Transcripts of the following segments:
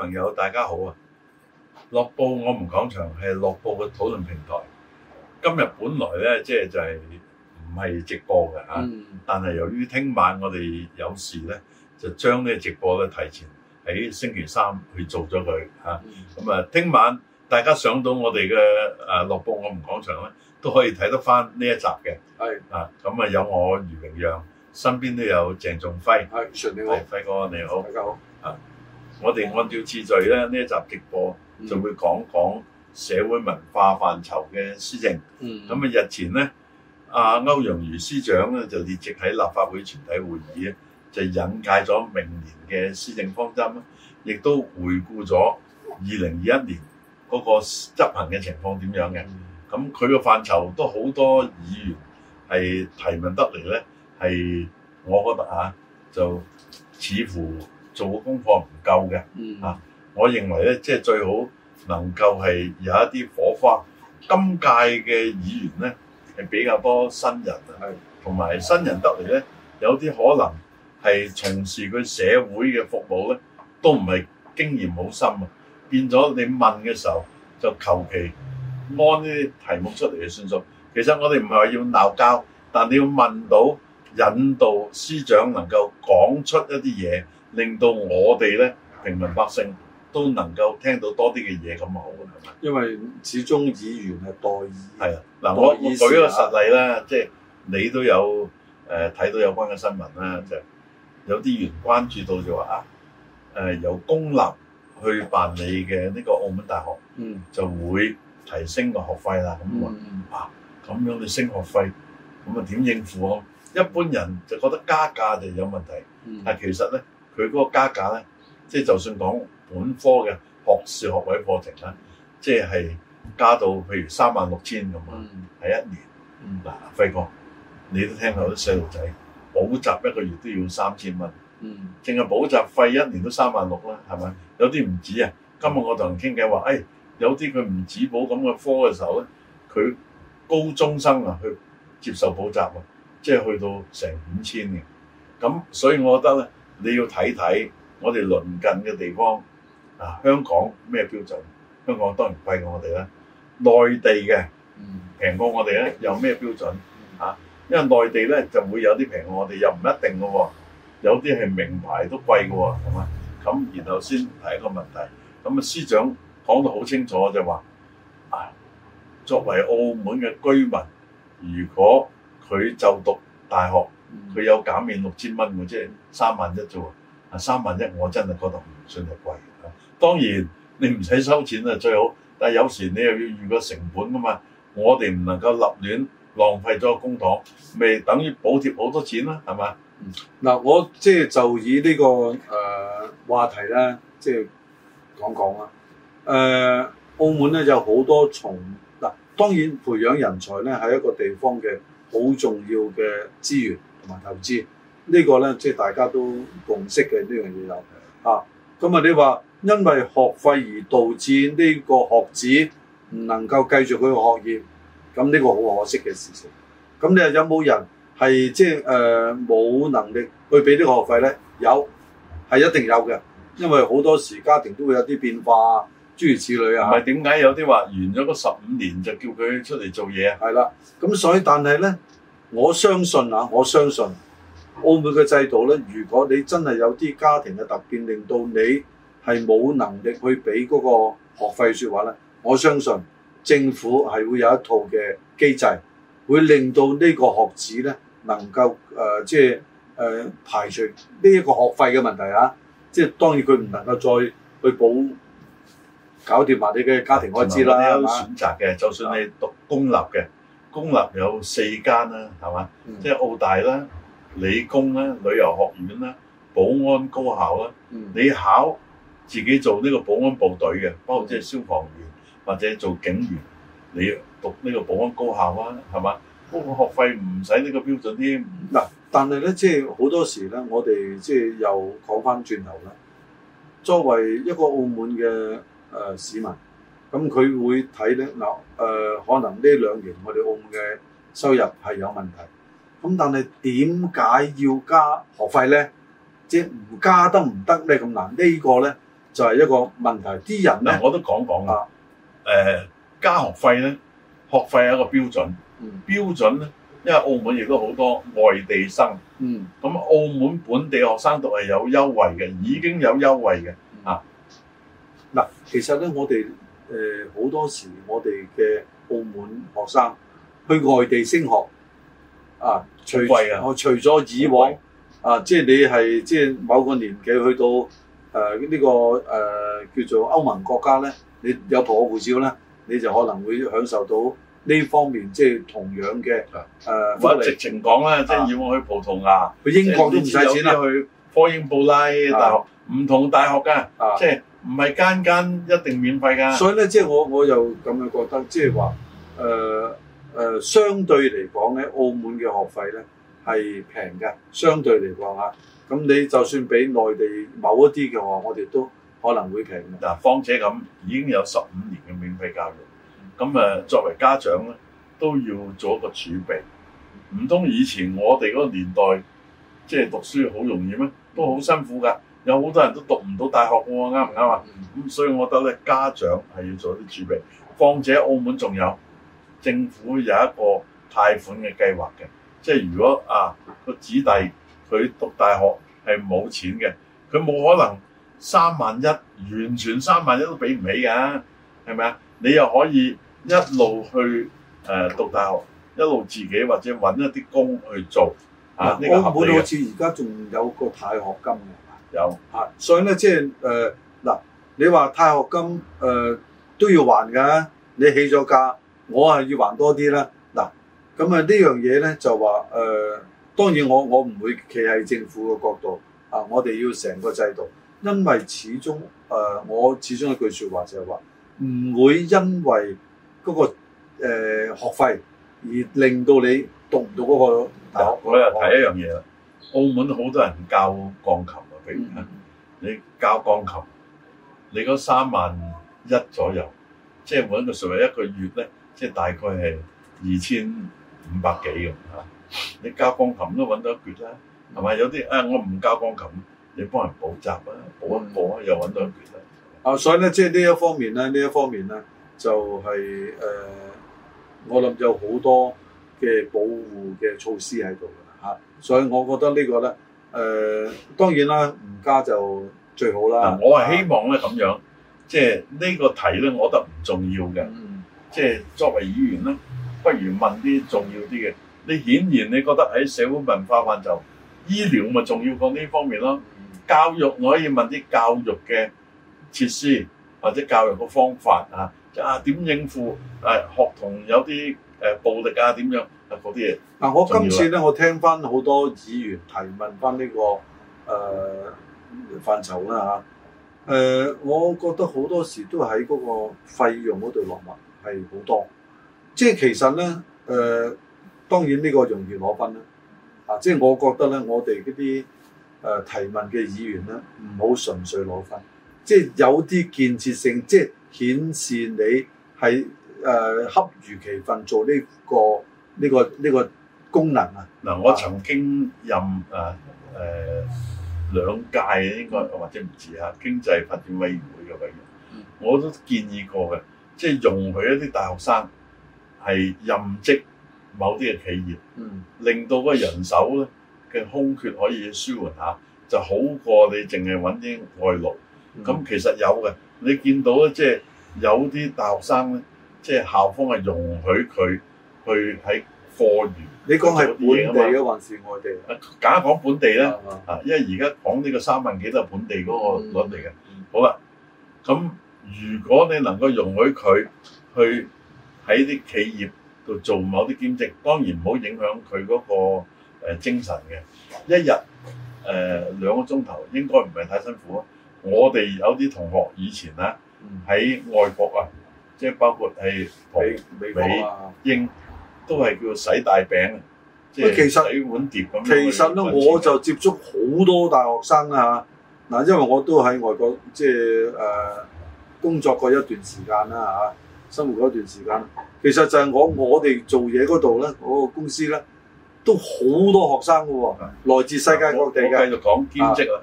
朋友，大家好啊！樂報我們講場係樂報嘅討論平台。今日本來咧，即係就係唔係直播嘅吓，嗯、但係由於聽晚我哋有事咧，就將呢直播咧提前喺星期三去做咗佢吓。咁、嗯、啊，聽晚大家上到我哋嘅誒樂報我們講場咧，都可以睇得返呢一集嘅。係是啊，咁啊有我余榮陽，身邊都有鄭仲輝。係，余你好，輝哥你好，大家好啊。我哋按照次序咧，呢一集直播就會講講社會文化範疇嘅施政。咁啊、嗯，日前呢，阿歐陽瑜司長咧就列席喺立法會全體會議就引介咗明年嘅施政方針，亦都回顧咗二零二一年嗰個執行嘅情況點樣嘅。咁佢個範疇都好多議員係提問得嚟，呢係我覺得嚇、啊、就似乎，做嘅功課唔夠嘅，嗯、啊，我認為咧，即係最好能夠係有一啲火花。今屆嘅議員咧係比較多新人啊，同埋係嘅新人得嚟咧，有啲可能係從事佢社會嘅服務咧，都唔係經驗好深啊。變咗你問嘅時候就求其安呢啲題目出嚟嘅算數。其實我哋唔係話要鬧交，但你要問到引導司長能夠講出一啲嘢。令到我哋咧，平民百姓都能夠聽到多啲嘅，嘢咁啊好啊，因為始終議員係代議，係啊嗱，我我舉一個實例啦，即係你都有誒睇、呃、到有關嘅新聞啦，嗯、就有啲員關注到就話啊誒由公立去辦理嘅呢個澳門大學，嗯，就會提升個學費啦咁啊，咁樣你升學費，咁啊點應付啊？一般人就覺得加價就有問題，但其實咧。佢嗰個加價咧，即係就算講本科嘅學士學位課程咧，即係加到譬如三萬六千咁啊，係、嗯、一年。嗱、嗯，輝哥，你都聽過啲細路仔補習一個月都要三千蚊，淨係、嗯、補習費一年都三萬六啦，係咪、嗯哎？有啲唔止啊！今日我同人傾偈話，誒，有啲佢唔止補咁嘅科嘅時候咧，佢高中生啊去接受補習啊，即係去到成五千嘅。咁所以我覺得咧。你要睇睇我哋鄰近嘅地方啊，香港咩標準？香港當然貴過我哋啦，內地嘅嗯、平過我哋咧，有咩標準啊？因為內地咧就會有啲平過我哋，又唔一定㗎喎，有啲係名牌都貴㗎喎，咁咁然後先提一個問題。咁、嗯、啊，司長講得好清楚就話，啊，作為澳門嘅居民，如果佢就讀大學。佢有減免六千蚊喎，即係三萬一啫啊，三萬一我真係覺得唔算係貴。啊，當然你唔使收錢啊，最好。但係有時你又要預個成本噶嘛。我哋唔能夠立亂浪費咗公帑，咪等於補貼好多錢啦，係咪？嗱、嗯，我即係、就是、就以呢、這個誒、呃、話題咧，即係講講啦。誒、呃，澳門咧有好多從嗱、呃，當然培養人才咧係一個地方嘅好重要嘅資源。同埋投資、這個、呢個咧，即係大家都共識嘅呢樣嘢有㗎。咁啊，你話因為學費而導致呢個學子唔能夠繼續佢嘅學業，咁呢個好可惜嘅事情。咁你又有冇人係即係誒冇能力去俾啲學費咧？有係一定有嘅，因為好多時家庭都會有啲變化，諸如此類啊。唔係點解有啲話完咗個十五年就叫佢出嚟做嘢？係啦，咁所以但係咧。我相信啊，我相信澳門嘅制度咧，如果你真係有啲家庭嘅突變，令到你係冇能力去俾嗰個學費，說話咧，我相信政府係會有一套嘅機制，會令到呢個學子咧能夠誒、呃，即係誒、呃、排除呢一個學費嘅問題啊！即係當然佢唔能夠再去補搞掂埋你嘅家庭開支啦，係嘛、嗯？有選擇嘅，嗎就算你讀公立嘅。公立有四間啦，係嘛？嗯、即係澳大啦、理工啦、旅遊學院啦、保安高校啦。嗯、你考自己做呢個保安部隊嘅，嗯、包括即係消防員或者做警員，你讀呢個保安高校啦、啊，係嘛？嗰個學費唔使呢個標準添。嗱、嗯，但係咧，即係好多時咧，我哋即係又講翻轉頭啦。作為一個澳門嘅誒、呃、市民。咁佢會睇咧嗱，誒、呃、可能呢兩年我哋澳門嘅收入係有問題，咁但係點解要加學費咧？即係唔加得唔得咧咁難？呢、呢個咧就係一個問題。啲人咧、嗯，我都講講啊，誒、呃、加學費咧，學費係一個標準，嗯、標準咧，因為澳門亦都好多外地生，嗯，咁、嗯、澳門本地學生都係有優惠嘅，已經有優惠嘅啊。嗱、嗯，其實咧我哋誒好多時，我哋嘅澳門學生去外地升學啊，除我除咗以往啊，即係你係即係某個年紀去到誒呢、啊這個誒、啊、叫做歐盟國家咧，你有葡萄牙護照咧，你就可能會享受到呢方面即係、就是、同樣嘅誒。或者、啊啊、直情講啦，即係以往去葡萄牙、啊、去英國都唔使錢啦，去科英布拉大，大學唔、啊、 對同大學㗎，即係。唔係間間一定免費噶，所以咧即係我我又咁樣覺得，即係話誒誒相對嚟講咧，澳門嘅學費咧係平嘅，相對嚟講啊，咁你就算比內地某一啲嘅話，我哋都可能會平。嗱、啊，況且咁已經有十五年嘅免費教育，咁誒作為家長咧都要做一個儲備。唔通以前我哋嗰個年代即係、即係、讀書好容易咩？都好辛苦㗎。有好多人都讀唔到大學喎，啱唔啱啊？咁、嗯、所以我覺得咧，家長係要做啲準備。況且澳門仲有政府有一個貸款嘅計劃嘅，即係如果啊個子弟佢讀大學係冇錢嘅，佢冇可能三萬一，完全三萬一都俾唔起㗎，係咪啊？你又可以一路去誒、呃、讀大學，一路自己或者揾一啲工去做。澳門好似而家仲有個貸學金㗎。有啊，所以咧即係誒嗱，你話貸學金誒、呃、都要還噶，你起咗價，我係要還多啲啦。嗱、啊，咁啊呢樣嘢咧就話誒、呃，當然我我唔會企喺政府嘅角度啊，我哋要成個制度，因為始終誒、呃、我始終一句說話就係話唔會因為嗰、那個誒、呃、學費而令到你讀唔到嗰個大學。啊、我又提一樣嘢啦，啊、澳門好多人教鋼琴。譬如啊，嗯、你教鋼琴，你嗰三萬一左右，即係揾個數嚟，一個月咧，即係大概係二千五百幾咁嚇。你教鋼琴都揾到一橛啦，係咪？有啲啊，我唔教鋼琴，你幫人補習啊，補一補啊，又揾到一橛啦。啊，所以咧，即係呢一方面咧，呢一方面咧，就係、是、誒、呃，我諗有好多嘅保護嘅措施喺度㗎嚇，所以我覺得個呢個咧。誒、呃、當然啦，唔加就最好啦、啊。我係希望咧咁樣，即係呢個題咧，我覺得唔重要嘅。嗯、即係作為議員啦，不如問啲重要啲嘅。你顯然你覺得喺社會文化範疇醫療咪重要過呢方面咯？教育我可以問啲教育嘅設施或者教育嘅方法啊，啊點應付誒、啊、學童有啲？誒、呃、暴力啊，點樣嗰啲嘢？嗱、啊，我今次咧，我聽翻好多議員提問翻呢、這個誒、呃、範疇啦，誒、呃，我覺得好多時都喺嗰個費用嗰度落墨係好多，即係其實咧誒、呃，當然呢個容易攞分啦，啊，即係我覺得咧，我哋嗰啲誒提問嘅議員咧，唔好純粹攞分，即係有啲建設性，即係顯示你係。誒恰、呃、如其分做呢、這個呢、這個呢、這個功能啊！嗱，我曾經任誒誒、啊呃、兩屆應該或者唔止啊經濟發展委員會嘅委員，我都建議過嘅，即、就、係、是、容許一啲大學生係任職某啲嘅企業，嗯、令到嗰人手咧嘅空缺可以舒緩下，就好過你淨係揾啲外勞。咁、嗯、其實有嘅，你見到即係、就是、有啲大學生咧。即係校方係容許佢去喺課餘，過你講係本地嘅還是外地？啊，假講本地咧，啊吧，因為而家講呢個三萬幾都係本地嗰個率嚟嘅。嗯、好啦，咁如果你能夠容許佢去喺啲企業度做某啲兼職，當然唔好影響佢嗰個精神嘅。一日誒、呃、兩個鐘頭應該唔係太辛苦啊！我哋有啲同學以前咧喺、嗯、外國啊。即係包括係美美國英，啊、都係叫洗大餅啊，嗯、即係洗碗碟咁。其實咧，我就接觸好多大學生啊。嗱，因為我都喺外國，即係誒工作過一段時間啦嚇、啊，生活過一段時間。其實就係我我哋做嘢嗰度咧，嗰、嗰個公司咧都好多學生噶喎，的來自世界各地嘅。繼續講兼職啊，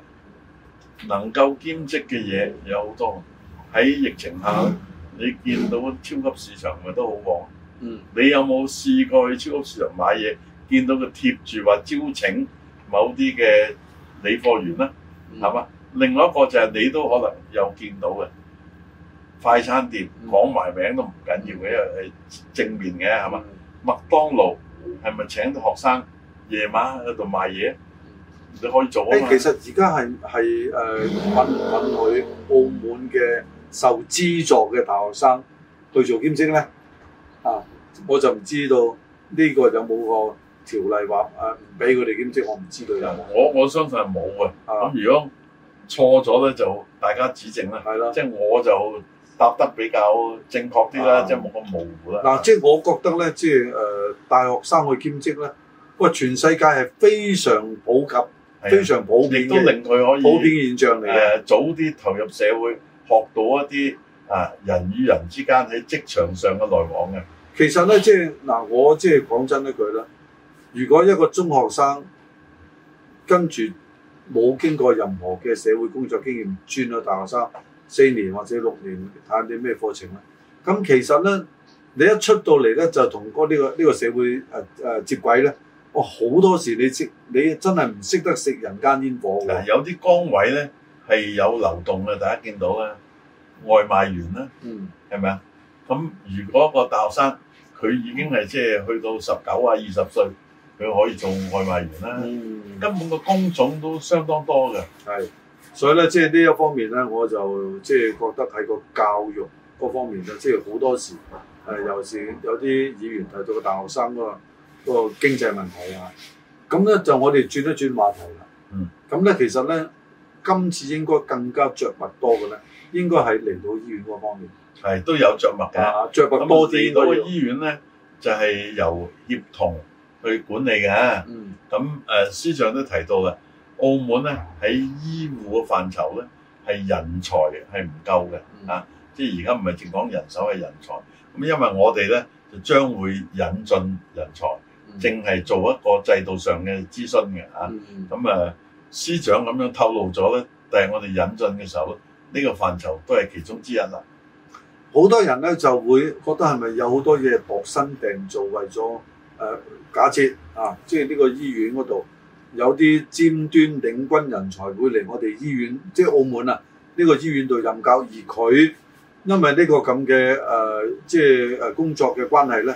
的能夠兼職嘅嘢有好多喺疫情下、嗯你見到超級市場咪都好旺，嗯、你有冇試過去超級市場買嘢？見到佢貼住話招請某啲嘅理貨員咧，係嘛、嗯嗯？另外一個就係你都可能又見到嘅快餐店，攞、嗯、埋名都唔緊要嘅，因為係正面嘅係嘛？麥當勞係咪請到學生夜晚喺度賣嘢？你可以做啊！其實而家係係誒允允許澳門嘅？受資助嘅大學生去做兼職咧，啊，我就唔知道呢個有冇個條例話啊，唔俾佢哋兼職，我唔知道嘅。我我相信係冇嘅。咁的如果錯咗咧，就大家指正啦。係咯的，即係我就答得比較正確啲啦的、啊，即係冇咁模糊啦。嗱，即係我覺得咧，即係誒、呃、大學生去兼職咧，喂、呃，全世界係非常普及、的非常普遍都令佢可以普遍嘅現象嚟嘅、啊，早啲投入社會。學到一啲啊人與人之間喺職場上嘅來往嘅。其實咧，即係嗱，我即係講真一句啦。如果一個中學生跟住冇經過任何嘅社會工作經驗，轉咗大學生四年或者六年睇下啲咩課程咧，咁、啊、其實咧你一出到嚟咧就同嗰呢個呢、這個社會誒誒、啊啊、接軌咧，我、哦、好多時你識你真係唔識得食人間煙火嘅、啊。有啲崗位咧。係有流動嘅，大家見到嘅外賣員啦，係咪啊？咁如果個大學生佢已經係即係去到十九啊二十歲，佢可以做外賣員啦。嗯、根本個工種都相當多嘅。係，所以咧，即係呢一方面咧，我就即係覺得喺個教育嗰方面咧，即係好多時誒，嗯、尤其是有啲議員提到個大學生個、嗰個經濟問題啊。咁咧就我哋轉一轉話題啦。嗯。咁咧其實咧。今次應該更加着墨多嘅咧，應該係嚟到醫院嗰方面。係都有着墨嘅、啊，著墨多啲。咁我哋到嘅醫院咧就係、是、由協同去管理嘅。咁誒、嗯，司長、呃、都提到嘅，澳門咧喺醫護嘅範疇咧係人才係唔夠嘅啊！即係而家唔係淨講人手，係人才。咁因為我哋咧就將會引進人才，淨係、嗯、做一個制度上嘅諮詢嘅啊。咁誒、嗯。嗯。司長咁樣透露咗咧，但係我哋引進嘅時候咧，呢個範疇都係其中之一啦。好多人咧就會覺得係咪有好多嘢量身定做，為咗誒、呃、假設啊，即係呢個醫院嗰度有啲尖端領軍人才會嚟我哋醫院，即係澳門啊呢個醫院度任教，而佢因為呢個咁嘅誒即係誒工作嘅關係咧。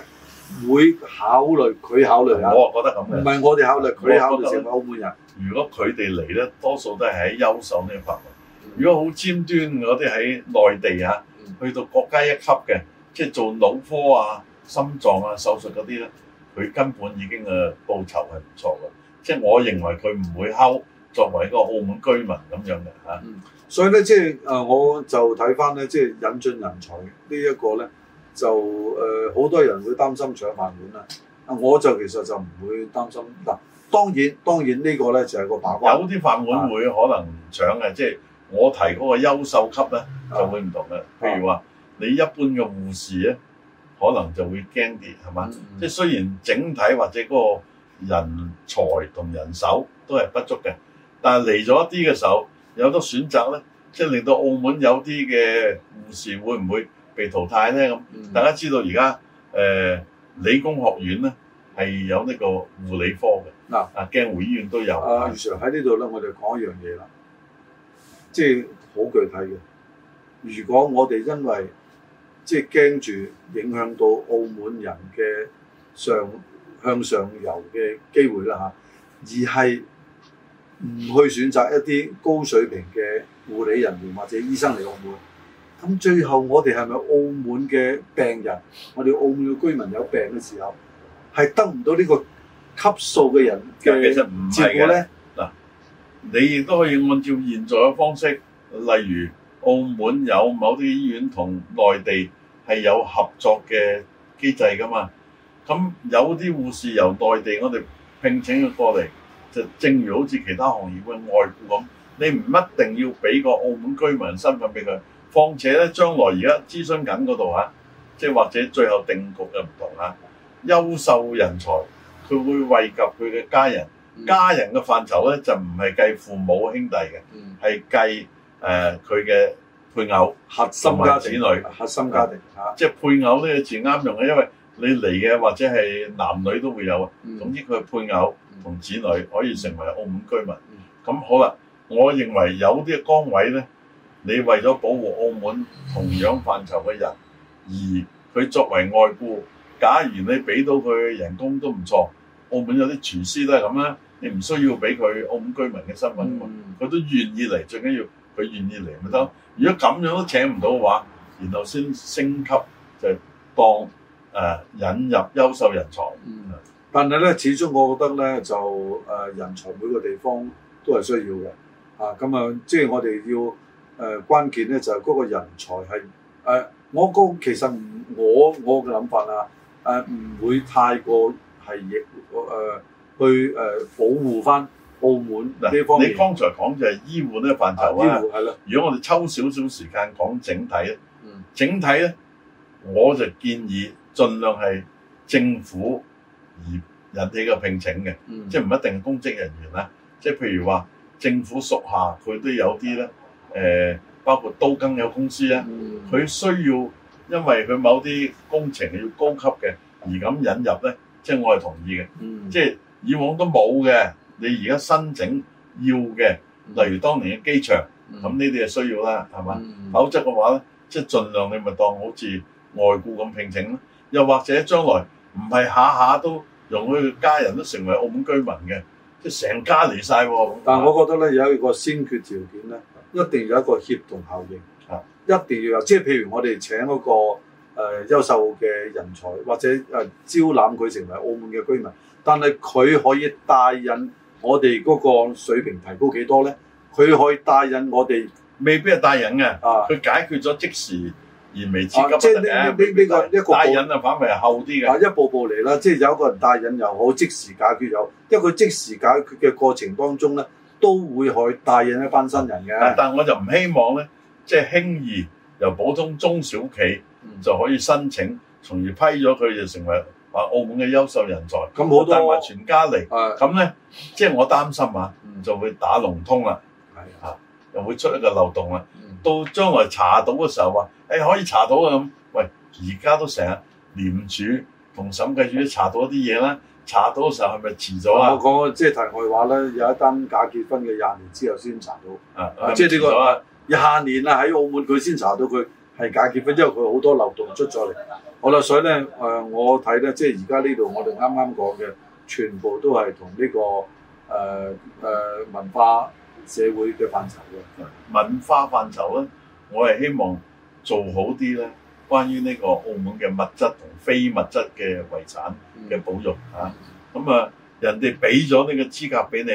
會考慮佢考慮下，我啊覺得咁樣，唔係我哋考慮，佢考慮成為澳門人。如果佢哋嚟咧，多數都係喺優秀呢個範圍。如果好尖端嗰啲喺內地啊，去到國家一級嘅，即係做腦科啊、心臟啊手術嗰啲咧，佢根本已經誒報酬係唔錯嘅。即係、嗯、我認為佢唔會溝作為一個澳門居民咁樣嘅嚇、嗯。所以咧，即係誒，我就睇翻咧，即係引進人才呢一個咧。就誒，好、呃、多人會擔心搶飯碗啦。啊，我就其實就唔會擔心。嗱，當然當然呢個咧就係、是、個把關。有啲飯碗會可能搶嘅，即係的我提嗰個優秀級咧的就會唔同嘅。的譬如話，你一般嘅護士咧，可能就會驚啲係嘛？即係的雖然整體或者嗰個人才同人手都係不足嘅，但係嚟咗一啲嘅時候，有得選擇咧，即、就、係、是、令到澳門有啲嘅護士會唔會？被淘汰咧咁，大家知道而家誒理工學院咧係有呢個護理科嘅嗱，啊，鏡湖醫院都有啊。s i 喺呢度咧，我就講一樣嘢啦，即係好具體嘅。如果我哋因為即係驚住影響到澳門人嘅上向上游嘅機會啦嚇、啊，而係唔去選擇一啲高水平嘅護理人員或者醫生嚟澳門。咁最後我哋係咪澳門嘅病人？我哋澳門嘅居民有病嘅時候，係得唔到呢個級數嘅人嘅接觸？其實唔係嘅咧，嗱，你亦都可以按照現在嘅方式，例如澳門有某啲醫院同內地係有合作嘅機制噶嘛？咁有啲護士由內地我哋聘請佢過嚟，就正如好似其他行業嘅外僱咁，你唔一定要俾個澳門居民身份俾佢。況且咧，將來而家諮詢緊嗰度啊，即係或者最後定局嘅唔同啦。優秀人才佢會惠及佢嘅家人，家人嘅範疇咧就唔係計父母兄弟嘅，係計誒佢嘅配偶、核心子女、核心家庭嚇。即係配偶呢個字啱用嘅，因為你嚟嘅或者係男女都會有啊。總之佢配偶同子女可以成為澳門居民。咁好啦，我認為有啲嘅崗位咧。你為咗保護澳門同樣範疇嘅人，而佢作為外雇，假如你俾到佢人工都唔錯，澳門有啲廚師都係咁啦，你唔需要俾佢澳門居民嘅身份，佢、嗯、都願意嚟，最緊要佢願意嚟咪得。嗯、如果咁樣都請唔到嘅話，然後先升級就當誒、呃、引入優秀人才。嗯、但係咧，始終我覺得咧就誒、呃、人才每個地方都係需要嘅。啊，咁啊，即係我哋要。誒、呃、關鍵咧就係、是、嗰個人才係誒、呃，我個其實唔我我嘅諗法啦，誒、呃、唔會太過係誒、呃、去誒、呃、保護翻澳門嗱。你剛才講就係醫護咧個範疇啊，醫護係啦。如果我哋抽少少時間講整體咧，嗯、整體咧，我就建議儘量係政府而引起嘅聘請嘅、嗯，即係唔一定公職人員啦，即係譬如話政府屬下佢都有啲咧。誒，包括都更有公司咧，佢需要，因為佢某啲工程係要高級嘅，而咁引入咧，即係我係同意嘅。即係以往都冇嘅，你而家申請要嘅，例如當年嘅機場，咁呢啲係需要啦，係嘛？否則嘅話咧，即係盡量你咪當好似外僱咁聘請咯。又或者將來唔係下下都容許佢家人都成為澳門居民嘅，即係成家嚟曬。但係我覺得咧有一個先決條件咧。一定要有一個協同效應啊！一定要有，即係譬如我哋請嗰個誒、呃、優秀嘅人才，或者誒招攬佢成為澳門嘅居民，但係佢可以帶引我哋嗰個水平提高幾多咧？佢可以帶引我哋，未必係帶引嘅啊！佢解決咗即時而未切，即係呢呢呢個一個帶引啊，反為後啲嘅啊，一步步嚟啦。即係有一個人帶引又好，即，即時解決又好，因為佢即時解決嘅過程當中咧。都會去帶引一班新人嘅、嗯，但係我就唔希望咧，即係輕易由普通中小企就可以申請，從而批咗佢就成為話澳門嘅優秀人才，咁好多人埋全家嚟。咁咧、嗯，即係、就是、我擔心啊，就會打龍通啦，嚇、嗯啊，又會出一個漏洞啦。到將來查到嘅時候話，誒、哎、可以查到啊咁。喂，而家都成日廉署同審計處都查到啲嘢啦。查到時候係咪遲咗啊？我講即係題外話啦，有一單假結婚嘅廿年之後先查到，啊，即係呢個廿年啊，喺澳門佢先查到佢係假結婚，因為佢、嗯、好多漏洞出咗嚟。好啦，所以咧誒、呃，我睇咧即係而家呢度我哋啱啱講嘅，全部都係同呢個誒誒、呃呃、文化社會嘅範疇嘅文化範疇咧，我係希望做好啲啦。關於呢個澳門嘅物質同非物質嘅遺產嘅保育吓，咁、嗯、啊人哋俾咗呢個資格俾你，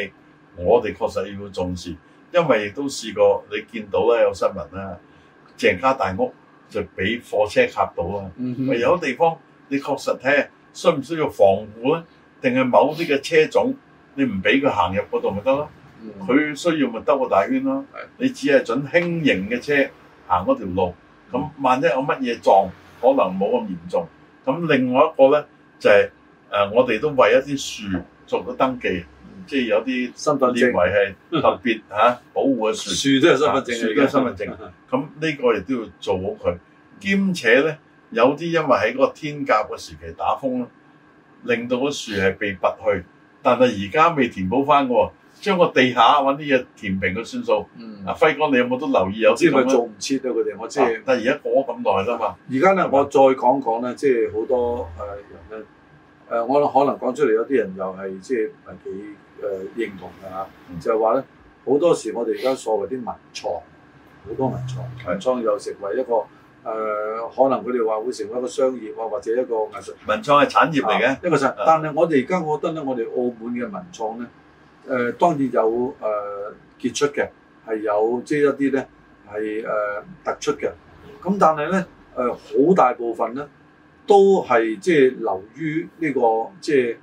嗯、我哋確實要重視，因為亦都試過你見到啦有新聞啦，鄭家大屋就俾貨車卡到啊，係、嗯嗯、有地方你確實睇下需唔需要防護咧？定係某啲嘅車種你唔俾佢行入嗰度咪得咯？佢、嗯嗯、需要咪兜個大圈咯？的你只係準輕型嘅車行嗰條路。咁萬一有乜嘢撞，可能冇咁嚴重。咁另外一個咧就係、是、誒、呃，我哋都為一啲樹做咗登記，即係有啲身份證，認為係特別嚇、啊、保護嘅樹。樹都有身份證，樹都有身份證。咁呢個亦都要做好佢。兼且咧，有啲因為喺嗰個天鴿嘅時期打風咯，令到個樹係被拔去，但係而家未填補翻嘅喎。將個地下揾啲嘢填平佢算數。阿輝哥，你有冇都留意有啲佢做唔切到佢哋我即係。但係而家過咗咁耐啦嘛。而家咧，我再講講咧，即係好多誒人咧，誒、呃呃、我可能講出嚟有啲人又係即係唔係幾誒認同嘅嚇。嗯、就係話咧，好多時我哋而家所謂啲文創，好多文創，文創、嗯、又成為一個誒、呃，可能佢哋話會成為一個商業啊，或者一個藝術。文創係產業嚟嘅、啊，一個產。但係我哋而家我覺得咧，我哋澳門嘅文創咧。誒、呃、當然有誒傑、呃、出嘅，係有即係、就是、一啲咧係誒突出嘅。咁但係咧誒好大部分咧都係即係流於呢、這個即係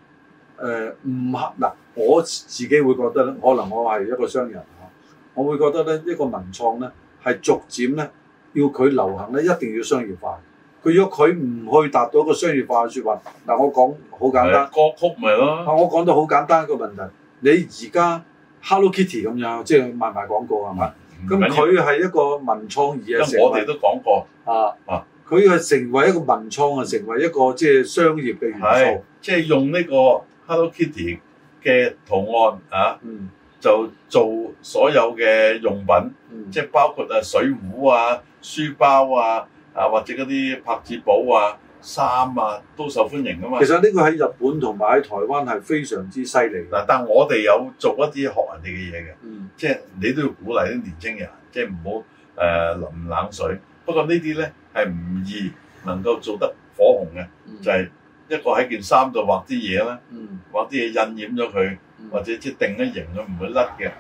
誒唔合嗱，我自己會覺得咧，可能我係一個商人嚇，我會覺得咧一個文創咧係逐漸咧要佢流行咧，一定要商業化。佢如果佢唔去達到一個商業化嘅説話，嗱、呃、我講好簡單，歌曲咪咯。啊，我講到好簡單一個問題。你而家 Hello Kitty 咁樣，即係賣賣廣告係咪？咁佢係一個文創嘢，我哋都講過啊啊！佢係、啊、成為一個文創啊，成為一個即係商業嘅元素，即係、就是、用呢個 Hello Kitty 嘅圖案啊，嗯、就做所有嘅用品，即係、嗯、包括啊水壺啊、書包啊啊或者嗰啲拍紙簿啊。衫啊都受歡迎噶嘛，其實呢個喺日本同埋喺台灣係非常之犀利。嗱，但我哋有做一啲學人哋嘅嘢嘅，嗯，即係你都要鼓勵啲年青人，即係唔好誒淋冷水。不過呢啲咧係唔易能夠做得火紅嘅，嗯，就係一個喺件衫度畫啲嘢啦，畫啲嘢印染咗佢，或者即係定咗型佢唔會甩嘅。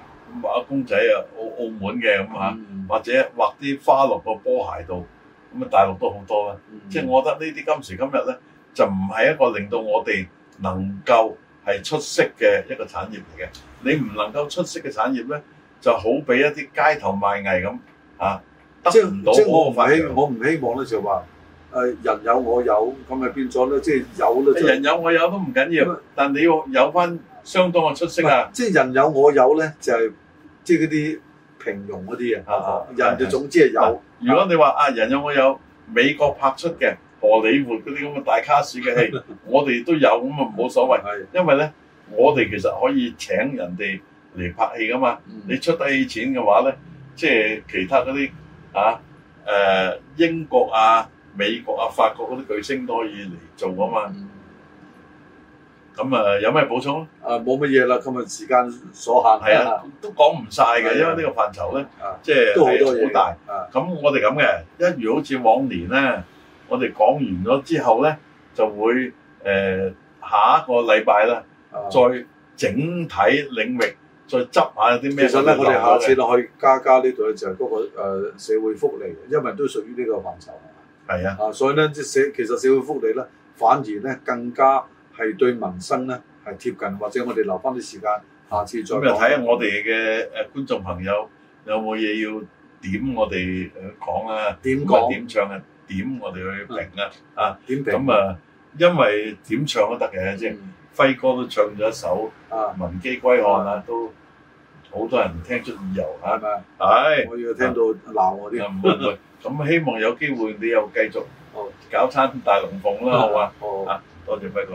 畫一公仔啊，澳澳門嘅咁嚇，或者畫啲花落個波鞋度。咁啊，大陸都好多啦，即係我覺得呢啲今時今日咧，就唔係一個令到我哋能夠係出色嘅一個產業嚟嘅。你唔能夠出色嘅產業咧，就好比一啲街頭賣藝咁啊，得唔到科技。我唔，我唔希望咧，就話誒人有我有，咁咪變咗咧，即係有咧。人有我有都唔緊要，但你要有翻相當嘅出色啊！即係人有我有咧，就係即係嗰啲平庸嗰啲啊。人就總之係有。如果你話啊，人有冇有美國拍出嘅荷里活嗰啲咁嘅大卡士嘅戲， 我哋都有咁啊冇所謂。因為咧，我哋其實可以請人哋嚟拍戲噶嘛。嗯、你出得起錢嘅話咧，即係其他嗰啲啊，誒、呃、英國啊、美國啊、法國嗰啲巨星都可以嚟做噶嘛。嗯咁啊，有咩補充啊？冇乜嘢啦，今日時間所限，係啊，都講唔晒嘅，因為呢個範疇咧，啊，即係都好大，啊，咁我哋咁嘅，一如好似往年咧，我哋講完咗之後咧，就會誒下一個禮拜啦，再整體領域再執下啲咩。其實咧，我哋下次落去加加呢度咧，就係嗰個社會福利，因為都屬於呢個範疇係嘛。啊，所以咧，即社其實社會福利咧，反而咧更加，係對民生咧係貼近，或者我哋留翻啲時間，下次再咁又睇下我哋嘅誒觀眾朋友有冇嘢要點我哋誒講啊？點講？點唱啊？點我哋去評啊？啊、嗯？點、嗯、評？咁啊，因為點唱都得嘅、啊，即係、嗯、輝哥都唱咗一首《文姬歸漢》啊，啊都好多人聽出耳油嚇係咪？係吧，哎、我要聽到鬧我啲咁、啊 啊、希望有機會你又繼續搞餐大龍鳳啦，好嘛？哦，好啊，多謝輝哥。